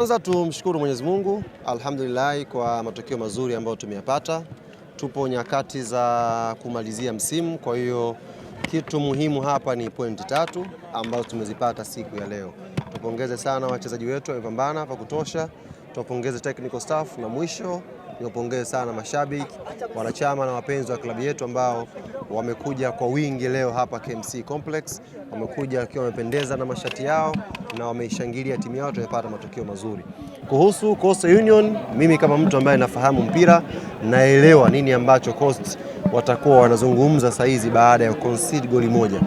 Kwanza tumshukuru Mwenyezi Mungu alhamdulillahi kwa matokeo mazuri ambayo tumeyapata. Tupo nyakati za kumalizia msimu, kwa hiyo kitu muhimu hapa ni pointi tatu ambazo tumezipata siku ya leo. Tupongeze sana wachezaji wetu wamepambana kwa kutosha, tuwapongeze technical staff na mwisho niwapongeze sana mashabiki, wanachama na wapenzi wa klabu yetu ambao wamekuja kwa wingi leo hapa KMC Complex, wamekuja wakiwa wamependeza na mashati yao na wameishangilia timu yao, tumepata matokeo mazuri. Kuhusu Coast Union, mimi kama mtu ambaye nafahamu mpira naelewa nini ambacho Coast watakuwa wanazungumza saa hizi baada ya concede goli moja.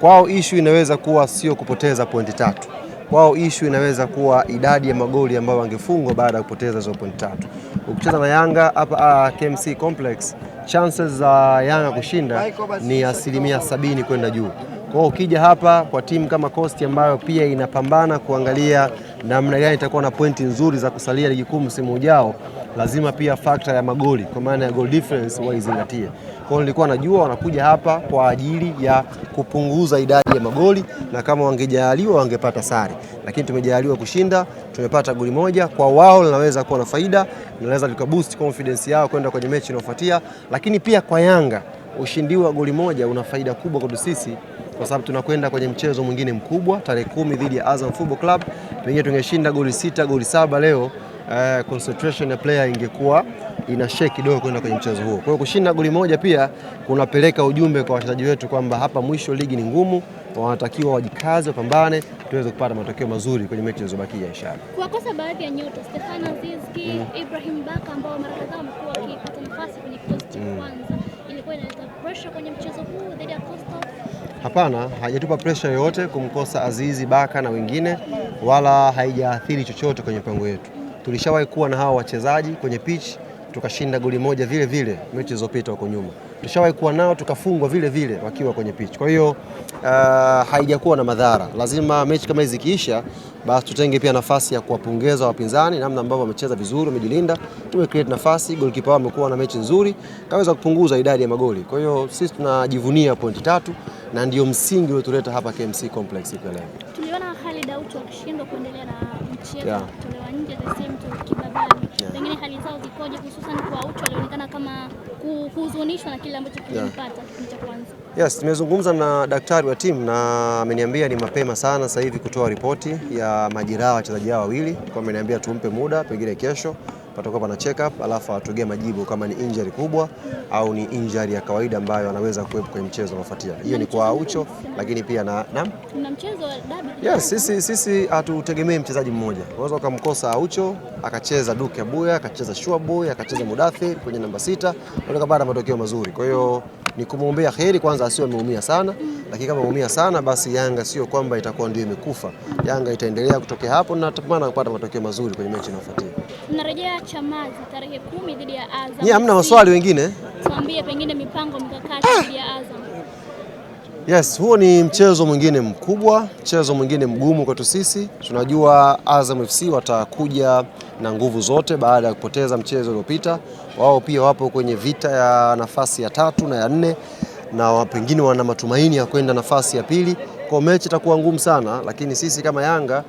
Kwao issue inaweza kuwa sio kupoteza pointi tatu kwao ishu inaweza kuwa idadi ya magoli ambayo wangefungwa baada ya kupoteza hizo pointi tatu ukicheza na Yanga hapa ah, KMC Complex chances za Yanga kushinda ni asilimia sabini kwenda juu. Kwa hiyo ukija hapa kwa timu kama Coast ambayo pia inapambana kuangalia namna gani itakuwa na pointi nzuri za kusalia ligi kuu msimu ujao, lazima pia factor ya magoli kwa maana ya goal difference waizingatie. Kwa hiyo nilikuwa najua wanakuja hapa kwa ajili ya kupunguza idadi ya magoli, na kama wangejaliwa wangepata sare, lakini tumejaliwa kushinda, tumepata goli moja. Kwa wao linaweza kuwa na faida, linaweza likaboost confidence yao kwenda kwenye mechi inayofuatia, lakini pia kwa Yanga ushindi wa goli moja una faida kubwa kwa sisi kwa sababu tunakwenda kwenye mchezo mwingine mkubwa tarehe kumi dhidi ya Azam Football Club. Pengine tungeshinda goli sita goli saba leo, uh, concentration ya player ingekuwa ina shake kidogo kwenda kwenye mchezo huo. Kwa hiyo kushinda goli moja pia kunapeleka ujumbe kwa wachezaji wetu kwamba hapa mwisho ligi ni ngumu, wanatakiwa wajikaze, wapambane tuweze kupata matokeo mazuri kwenye mechi zilizobakia inshallah. Kwa kosa baadhi ya nyota Stefano Azizi, mm. Ibrahim Baka ambao mara kadhaa wamekuwa wakipata nafasi kwenye kikosi cha mm. kwanza, ilikuwa inaleta pressure kwenye mchezo huu dhidi ya Coastal Hapana, haijatupa presha yoyote kumkosa Azizi Baka na wengine, wala haijaathiri chochote kwenye mpango yetu. Tulishawahi kuwa na hawa wachezaji kwenye pitch tukashinda goli moja vile vile mechi zilizopita huko nyuma tushawahi kuwa nao tukafungwa vile vile wakiwa kwenye pitch. Kwa hiyo uh, haijakuwa na madhara. Lazima mechi kama hizi zikiisha, basi tutenge pia nafasi ya kuwapongeza wapinzani, namna ambavyo wamecheza vizuri, wamejilinda, tume create nafasi. Goalkeeper wao amekuwa na mechi nzuri, kaweza kupunguza idadi ya magoli. Kwa hiyo sisi tunajivunia pointi tatu na ndio msingi uliotuleta hapa KMC Complex ya leo. Tuliona Khalid Aucho akishindwa kuendelea na mchezo kutolewa nje the same to pengine hali zao zikoje, hususan kwa Aucho alionekana kama kuhuzunishwa na kile ambacho kilipata cha kwanza. Yes, nimezungumza na daktari wa timu na ameniambia ni mapema sana sasa hivi kutoa ripoti ya majeraha wachezaji hao wawili, kwa ameniambia tumpe muda pengine kesho patakuwa pana check up, alafu awatugia majibu kama ni injury kubwa au ni injury ya kawaida ambayo anaweza kuwepo kwenye mchezo unaofuatia. Hiyo ni kwa Aucho, lakini pia na na kuna mchezo wa dabi. Yes, sisi sisi hatutegemei mchezaji mmoja. Unaweza ukamkosa Aucho akacheza Duke Abuya akacheza Shua Boy akacheza Mudathir kwenye namba sita, unaweza kupata matokeo mazuri. Kwa hiyo ni kumwombea heri kwanza, asiwe ameumia sana mm. Lakini kama umia sana, basi Yanga sio kwamba itakuwa ndio imekufa. Yanga itaendelea kutokea hapo na tamana kupata matokeo mazuri kwenye mechi inayofuatia. Tunarejea Chamazi tarehe kumi dhidi ya Azam. Ni hamna maswali wengine? Tuambie pengine mipango mikakati ah! ya Azam. Yes, huo ni mchezo mwingine mkubwa, mchezo mwingine mgumu kwetu sisi. Tunajua Azam FC watakuja na nguvu zote baada ya kupoteza mchezo uliopita. Wao pia wapo kwenye vita ya nafasi ya tatu na ya nne na pengine wana matumaini ya kwenda nafasi ya pili. Kwa mechi itakuwa ngumu sana, lakini sisi kama Yanga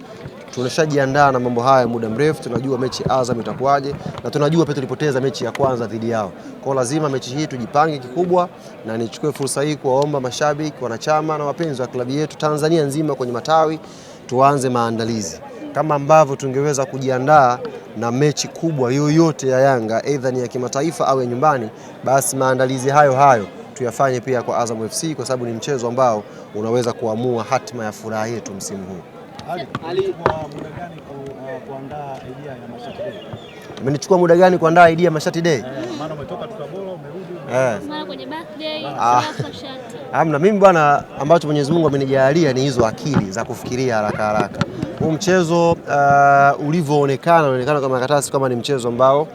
tunashajiandaa na mambo haya muda mrefu. Tunajua mechi Azam itakuwaje na tunajua pia tulipoteza mechi ya kwanza dhidi yao, kwa lazima mechi hii tujipange kikubwa, na nichukue fursa hii kuwaomba mashabiki, wanachama na wapenzi wa klabu yetu Tanzania nzima kwenye matawi, tuanze maandalizi kama ambavyo tungeweza kujiandaa na mechi kubwa yoyote ya Yanga, aidha ni ya kimataifa au ya nyumbani, basi maandalizi hayo hayo tuyafanye pia kwa Azam FC kwa sababu ni mchezo ambao unaweza kuamua hatima ya furaha yetu msimu huu. Imenichukua uh, muda gani kuandaa idea ya mashati day? Eh, Amna, eh. ah. ah, mimi bwana, ambacho Mwenyezi Mungu amenijalia ni hizo akili za kufikiria haraka haraka. Huu mchezo uh, ulivyoonekana unaonekana kama katasi kama ni mchezo ambao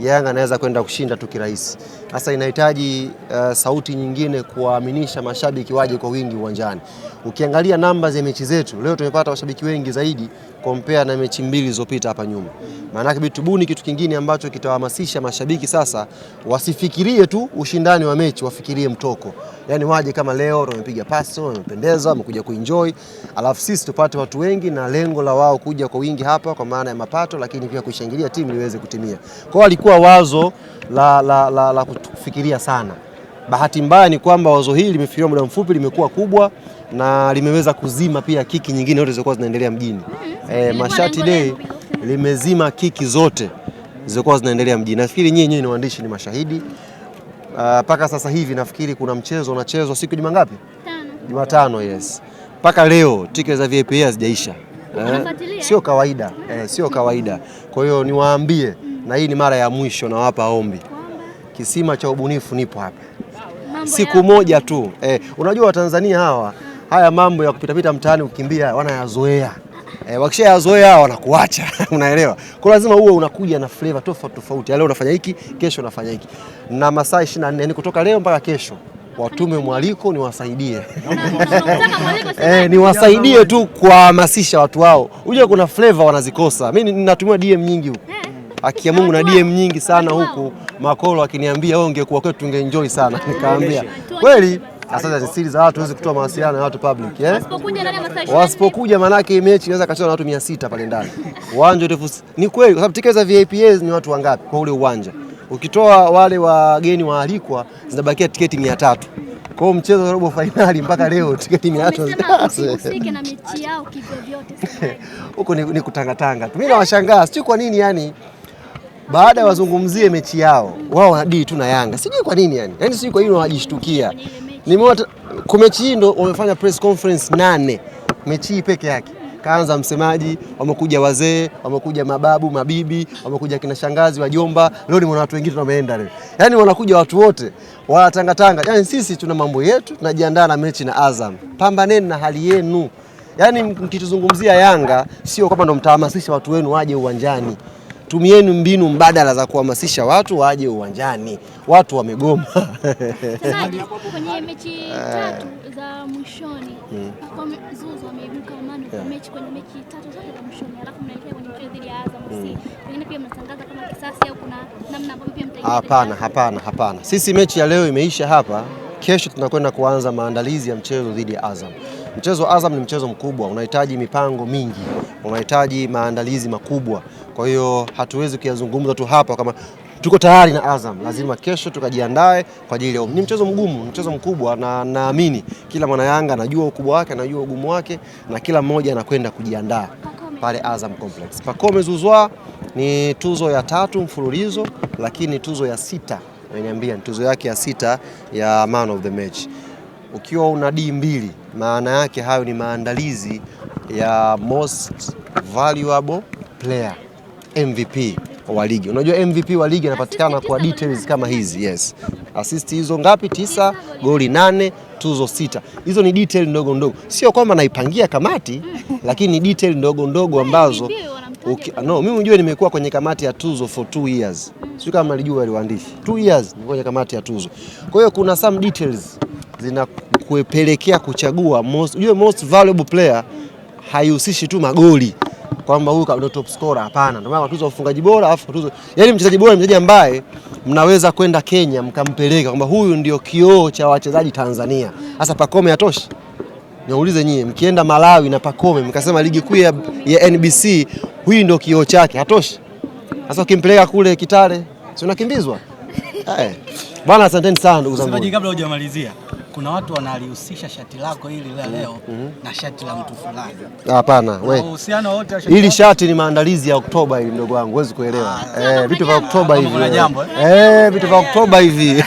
Yanga anaweza kwenda kushinda tu kirahisi. Sasa inahitaji uh, sauti nyingine kuwaaminisha mashabiki waje kwa wingi uwanjani. Ukiangalia namba za mechi zetu leo tumepata washabiki wengi zaidi kompea na mechi mbili zilizopita hapa nyuma. Maana yake bitubuni kitu kingine ambacho kitawahamasisha mashabiki sasa wasifikirie tu ushindani wa mechi, wafikirie mtoko. Yaani waje kama leo wamepiga pasi, wamependeza, wamekuja kuenjoy. Alafu sisi tupate watu wengi na lengo la wao kuja kwa wingi hapa kwa maana ya mapato, lakini pia kushangilia timu iweze kutimia. Kwa hiyo alikuwa wazo la, la, la, la kufikiria sana. Bahati mbaya ni kwamba wazo hili limefikiriwa muda mfupi, limekuwa kubwa na limeweza kuzima pia kiki nyingine zote zilizokuwa zinaendelea mjini. E, Mashati Day limezima kiki zote zilizokuwa zinaendelea mjini. Nafikiri nyinyi nyinyi ni waandishi, ni mashahidi ah, mpaka uh, sasa hivi nafikiri kuna mchezo unachezwa siku juma ngapi? Jumatano, yes. Mpaka leo tiketi za VIP hazijaisha eh? Sio kawaida eh, sio kawaida. Kwa hiyo niwaambie na hii ni mara ya mwisho nawapa ombi, kisima cha ubunifu nipo hapa siku moja tu eh. Unajua Watanzania hawa haya mambo ya kupitapita mtaani ukimbia wanayazoea eh, wakishayazoea wanakuacha unaelewa. Kwa lazima uwe unakuja na flavor tofauti tofauti, leo unafanya hiki, kesho unafanya hiki, na masaa 24 ni kutoka leo mpaka kesho watume mwaliko niwasaidie, eh, niwasaidie tu kuwahamasisha watu wao. Unajua kuna flavor wanazikosa. Mimi ninatumia DM nyingi huko eh? haki ya Mungu na DM nyingi sana huku Makolo akiniambia wewe ungekuwa kwetu tungeenjoy sana, Nikamwambia kweli. Sasa ni siri za watu, huwezi kutoa mawasiliano ya watu public eh? Wasipokuja manake mechi inaweza kacheza na watu 600 pale ndani uwanja utefusi. Ni kweli, kwa sababu tiketi za VIP ni watu wangapi kwa ule uwanja? Ukitoa wale wageni waalikwa zinabakia tiketi 300. Kwa hiyo mchezo wa robo finali mpaka leo tiketi 300 huko ni kutangatanga. Mimi nawashangaa sio kwa nini yani baada wazungumzie mechi yao, wao wanadili tu na Yanga, sijui kwa nini yani, yani sijui kwa nini wanajishtukia. Nimeona kwa mechi hii ndo wamefanya press conference nane, mechi hii peke yake kaanza msemaji, wamekuja wazee, wamekuja mababu, mabibi, wamekuja kina shangazi, wajomba. Leo nimeona watu wengine wameenda leo, yani wanakuja watu wote wanatangatanga. Yani sisi tuna mambo yetu, tunajiandaa na mechi na Azam. Pambaneni na hali yenu, yani mkituzungumzia Yanga sio kwamba ndo mtahamasisha watu wenu waje uwanjani tumieni mbinu mbadala za kuhamasisha watu waje uwanjani. Watu wamegoma kwenye mechi tatu za mwishoni Hapana, hapana, hapana. Sisi mechi ya leo imeisha hapa. Kesho tunakwenda kuanza maandalizi ya mchezo dhidi ya Azam. Mchezo wa Azam ni mchezo mkubwa, unahitaji mipango mingi, unahitaji maandalizi makubwa. Kwa hiyo hatuwezi kuyazungumza tu hapa kama tuko tayari na Azam, lazima kesho tukajiandae kwa ajili ya. Ni mchezo mgumu, mchezo mkubwa, na naamini kila mwana Yanga anajua ukubwa wake, anajua ugumu wake, na kila mmoja anakwenda kujiandaa pale Azam Complex. Pacome Zouzoua ni tuzo ya tatu mfululizo, lakini tuzo ya sita ameniambia ni tuzo yake ya sita ya man of the match. Ukiwa una D mbili, maana yake hayo ni maandalizi ya most valuable player. MVP wa ligi. Unajua MVP wa ligi anapatikana kwa details kama hizi yes. Assist hizo ngapi? Tisa, goli nane, tuzo sita. Hizo ni detail ndogo ndogo, sio kwamba naipangia kamati lakini detail ndogo ndogo ambazo Okay, no, mimi unajua nimekuwa kwenye kamati ya tuzo for two years. Sio kama alijua aliwaandishi. Two years ni kwenye kamati ya tuzo. Kwa hiyo kuna some details zinakuepelekea kuchagua most, most valuable player haihusishi tu magoli kwamba huyu ndio top scorer. Hapana, ndio maana tuzo ufungaji bora, afu tuzo yani mchezaji bora, mchezaji ambaye mnaweza kwenda Kenya mkampeleka kwamba huyu ndio kioo cha wachezaji Tanzania. Sasa Pacome hatoshi? Niulize nyie, mkienda Malawi na Pacome mkasema ligi kuu ya, ya NBC huyu ndio kioo chake, hatoshi? Sasa ukimpeleka kule Kitale si unakimbizwa? Eh. Bwana, asanteni sana ndugu zangu. Kabla hujamalizia kuna watu wanalihusisha shati lako hili la leo mm -hmm. na shati la mtu fulani. Hapana, wewe uhusiano wote hili shati ni maandalizi ya Oktoba hili, mdogo wangu, huwezi kuelewa ah, eh, eh? eh, vitu vya Oktoba hivi eh, vitu vya Oktoba hivi